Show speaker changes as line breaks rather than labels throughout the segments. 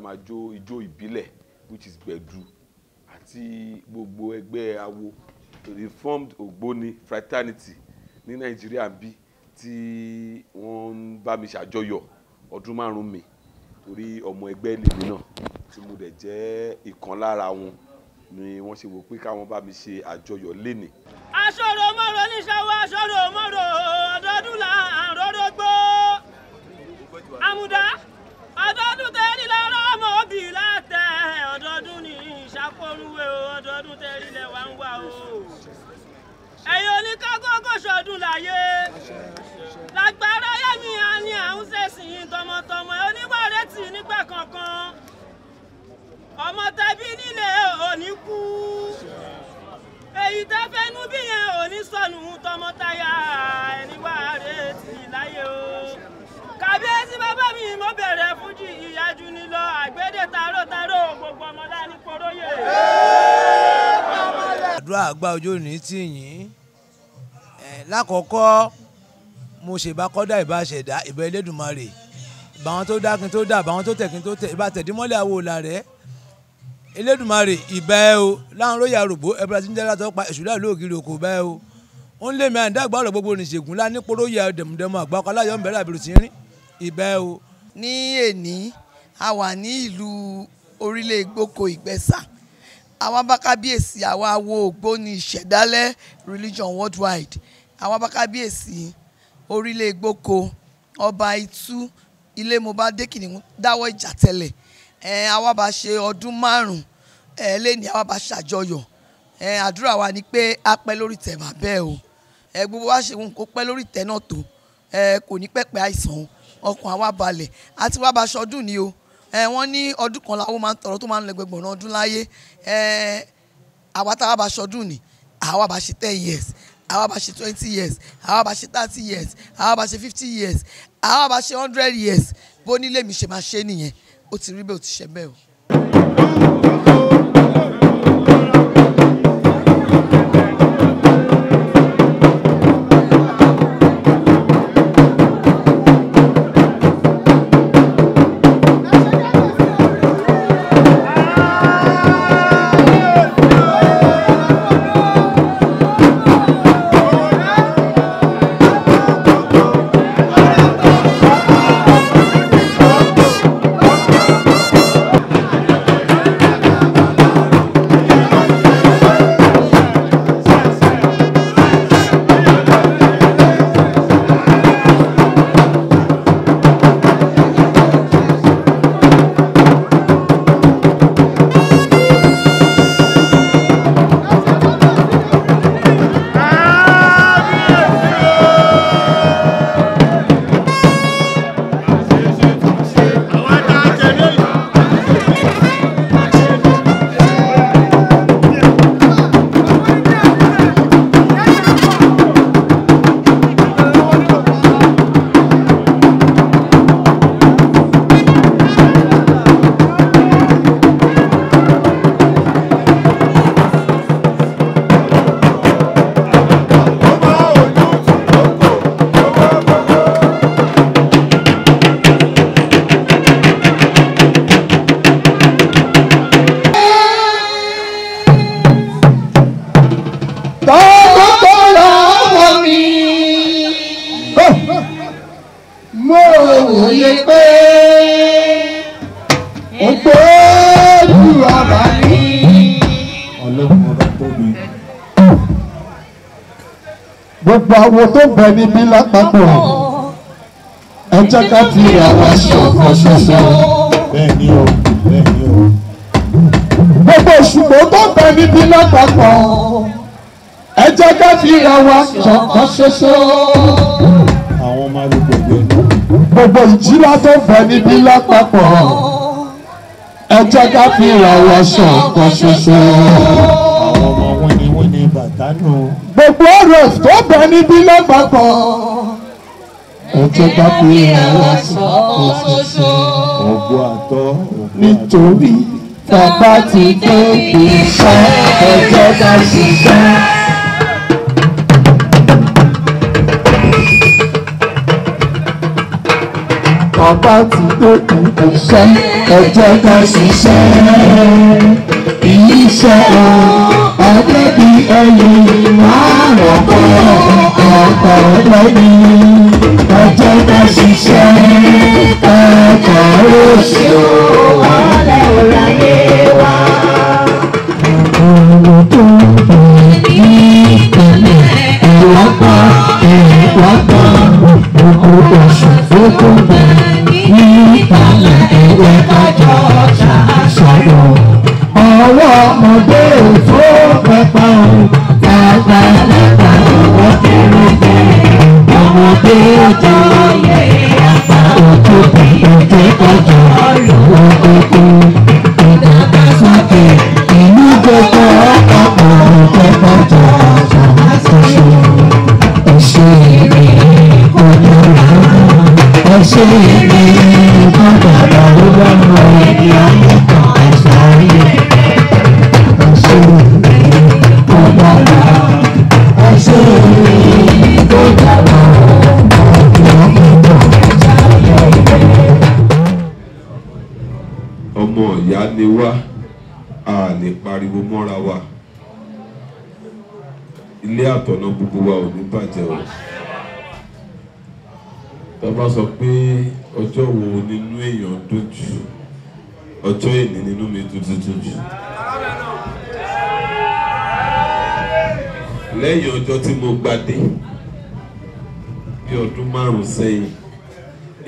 máa jó ijó ìbílẹ̀ which is gbẹ̀du àti gbogbo ẹgbẹ́ awo to the formed ògbóni fraternity ní nàìjíríà bí tí wọ́n ń bá mi ṣàjọyọ̀ ọdún márùn-ún mi torí ọmọ ẹgbẹ́ lèmi náà tí mo dẹ̀ jẹ́ ìkan lára wọn ni wọ́n ṣe wò pé káwọn bá mi ṣe àjọyọ̀ léni. aṣọ́rò mọ́rọ̀ níṣàwọ̀ aṣọ́rò mọ́rọ̀ ọdọọdún là ń rọ́rọ́ gbó. àmùdá ọdọọdún tẹ́ẹ̀rí lọ́rọ́ bí látẹ̀ ọdọọdún ní ìṣàkórúwé o ọdọọdún tẹ́rí ilẹ̀ wa ń wà o. ẹ̀yin oníkágógó ṣọdún láyé lágbára yẹ́mi á ní à ń ṣèṣìn tọmọtọmọ oníwà retí nígbà kankan ọmọ tẹbí nílé òní kú èyí tẹ́ bí yẹn òní sọnù tọmọtaya ẹni láyé o kàbíyèsí bàbá mi mo bẹ̀rẹ̀ fújì ìyájú nílé àdúrà àgbà ọjọ́ òní tì yín lákọ̀ọ́kọ́ mo ṣèbá kọ́dà ìbá ṣẹ̀dá ìbá Elédùmarè bàwọn tó dá kin tó dà bàwọn tó tẹ̀ kin tó tẹ̀ ìbá tẹ̀dímọ́lẹ̀ àwo là rẹ̀ Elédùmarè ìbá o láwọn ló yà rògbò ẹbí láti ń jẹ́ látọ́ pa èṣù láì lóògiri òkò bá o ó ń lé mi àǹdá àgbà ọ̀rọ̀ gbogbo oníṣègùn lá ní kóró yẹ dẹ̀mùdẹ̀mù àgbákọ́ aláyọ̀ ń bẹ̀rẹ̀ àbẹ̀rù sí rín ìbá ẹ o. ní èní a wà ní ìlú orílẹ̀ ìgbóko ìgbẹ́sà àwọn abákábíyèsí àwọn awo ògbóni ìṣẹ̀dálẹ̀ religion worldwide àwọn abákábíyèsí orílẹ̀ ìgbóko ọba itú ilé mo bá dé kìnìún dáwọ́ ìjà tẹ́lẹ̀ àwa bá ṣe ọdún márùn-ún lẹ́ni àwa bá ṣàjọyọ̀ àdúrà wa ni pé a pẹ́ lórí tẹ̀ bá bẹ́ẹ̀ o gbogbo wa ṣe òun kó pẹ́ lórí tẹ̀ náà tó kò ní pẹ́pẹ́ àìsàn ọkàn àwa balẹ̀ àti wá bá ṣọdún ni o Eh, wọ́n ní ọdún kan làwọn máa ń tọrọ tó máa ń lẹ gbẹgbọ̀n ọdún láyé eh, àwa tá a bá ṣọdún ni àwa bá ṣe ten years àwa bá ṣe twenty years àwa bá ṣe thirty years àwa bá ṣe fifty years àwa bá ṣe hundred years bó nílé mi ṣe máa ṣe nìyẹn ó ti rí bẹ́ẹ̀ ó ti ṣe bẹ́ẹ̀ o. mo wòye pé ògbóòlù ọba mi. ọlọ́run ọba tó mi. gbogbo àwọn tó bẹ níbí lápapọ̀ ẹ jẹ́ ká fi àwọn aṣọ ọ̀kan ṣoṣo. bẹ́ẹ̀ ni o bẹ́ẹ̀ ni o. gbogbo òṣùpọ̀ tó bẹ níbí lápapọ̀ ẹ jẹ́ ká fi àwọn aṣọ ọ̀kan àwọn máa ń gbẹ̀gbẹ̀ gbogbo ìjìlá tó bẹ níbí lápapọ̀ ẹ jẹ́ ká fi ìràwọ̀ sàn kan ṣoṣo. àwọn ọmọ wíníwíní bàtà nù. gbogbo ọ̀rọ̀ tó bẹ níbí lápapọ̀ ẹ jẹ́ ká fi ìràwọ̀ sàn ṣoṣo. ọ̀gbọ́n àtọ́ nítorí bàbá ti dé ibi ẹ jẹ́ ká ṣiṣẹ́. ọba ti dókun iṣẹ́ ẹ jẹ́ ká ṣiṣẹ́ iṣẹ́ o bí ẹyin márùn pọ̀ ọ̀pọ̀ ọdẹ bí ẹ jẹ́ ká ṣiṣẹ́ ọkọ̀ oṣù ọ̀lẹ́ òláyé wa. Ìwọ́pọ̀ ìwọ́pọ̀ ọkọ̀ oṣù tó kún ìgbàlẹ̀ ìwé kájọ ṣàṣàyọ̀ ọwọ́ ọmọdé tó pẹpẹ o àgbàlagbà ọwọ́ kéré dé ọmọdé tó yẹ àgbà òtún ìgbàlẹ̀ ìwé wa ilé àtọ̀nà gbogbo wa ò ní bàjẹ́ o tá sọ pé ọjọ́ wo nínú èèyàn dùn ọjọ́ ìní nínú mi tuntun dùn lẹ́yìn ọjọ́ tí mo gbadé bí ọdún márùn-ún sẹ́yìn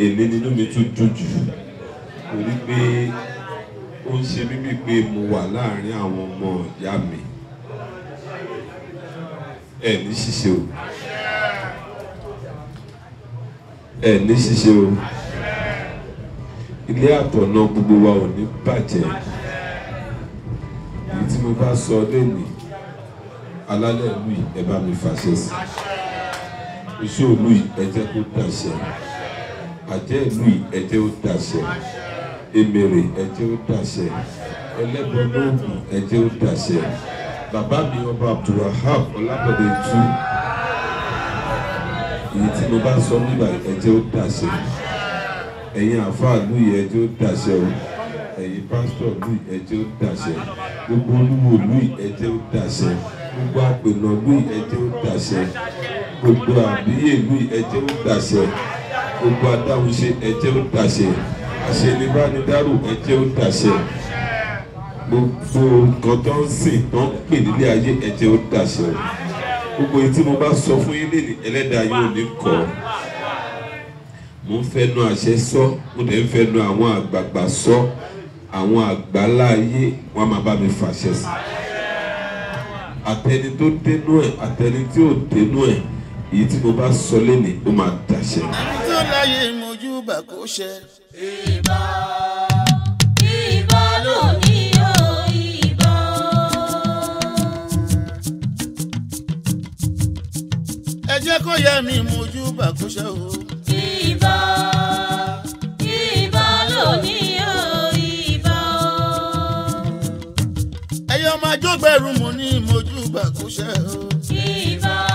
èlé nínú mi tún dùn torí pé ó ń ṣe mí bíi pé mo wà láàárín àwọn ọmọ ìyá mi ẹ ní ṣíṣe o ẹ ní ṣíṣe o ilé àtọ̀nà gbogbo wa ò ní bàjẹ́ èyí tí mo bá sọ lẹ́nu alálẹ̀ ìlú ẹ bá mi fàṣẹ sí iṣẹ́ ìlú ẹ jẹ́ kó dàṣẹ àjẹ́ ìlú ẹ jẹ́ ó dàṣẹ èmèrè ẹ̀jẹ̀ ó dàṣẹ ẹlẹ́bọ̀lóògùn ẹ̀jẹ̀ ó dàṣẹ bàbá mi ọba abdulrahab ọlábọ̀dé tú èyí tí mo bá sọ nígbà ẹ̀jẹ̀ ó dàṣẹ ẹ̀yin àfáà lù yìí ẹ̀jẹ̀ ó dàṣẹ o ẹ̀yin pásítọ̀ lù yìí ẹ̀jẹ̀ ó dàṣẹ gbogbo olúwo lù yìí ẹ̀jẹ̀ ó dàṣẹ gbogbo àpènà lù ẹ̀jẹ̀ ó dàṣẹ gbogbo àbíyè lù ẹ̀jẹ̀ ó dàṣẹ gbogbo adáhunṣe ẹ̀jẹ̀ ó dàṣẹ àṣẹ ní bá ní dárò ẹ̀jẹ̀ ó dàṣẹ gbogbo nǹkan tó ń sìn tó ń pè nílé ayé ẹ̀jẹ̀ ó dàṣẹ gbogbo èyí tí mo bá sọ fún yín lèlè ẹlẹ́dàá yóò ní kọ́ mo ń fẹnu àṣẹ sọ mo dẹ̀ ń fẹnu àwọn àgbààgbà sọ àwọn àgbà láàyè wọn máa bá mi fàṣẹ sí àtẹni tó dénú ẹ àtẹni tí ò dénú ẹ èyí tí mo bá sọ lẹ́nìí ó máa dàṣẹ. àtúntò láyé mojú bà ṣe ẹ jẹ́ kó yẹ mi mojú bàkúṣe o. ìbọn ìbọn ló ní o ìbọn. ẹyọ máa jógbẹrù mo ní mojú bàkúṣe o. ìbọn.